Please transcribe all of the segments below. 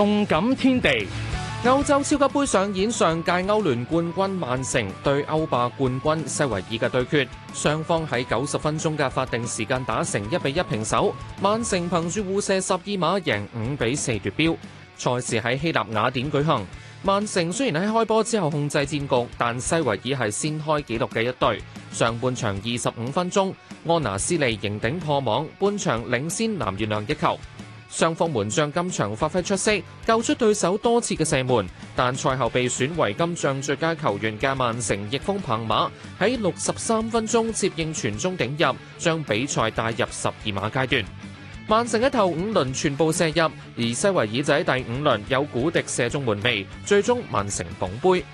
動感天地，歐洲超級盃上演上屆歐聯冠軍曼城對歐霸冠軍西維爾嘅對決，雙方喺九十分鐘嘅法定時間打成一比一平手，曼城憑住互射十二碼贏五比四奪標。賽事喺希臘雅典舉行，曼城雖然喺開波之後控制戰局，但西維爾係先開紀錄嘅一隊。上半場二十五分鐘，安拿斯利迎頂破網，半場領先藍月亮一球。雙方門將今場發揮出色，救出對手多次嘅射門，但賽後被選為今仗最佳球員嘅曼城翼鋒彭馬喺六十三分鐘接應傳中頂入，將比賽帶入十二碼階段。曼城一頭五輪全部射入，而西維爾喺第五輪有古迪射中門楣，最終曼城捧杯。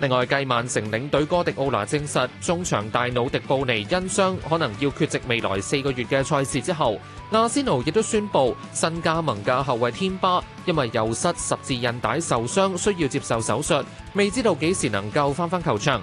另外，繼曼城領隊哥迪奧拿證實中場大腦迪布尼因傷可能要缺席未來四個月嘅賽事之後，阿仙奴亦都宣布新加盟嘅後衛天巴因為右膝十字韌帶受傷，需要接受手術，未知道幾時能夠翻返球場。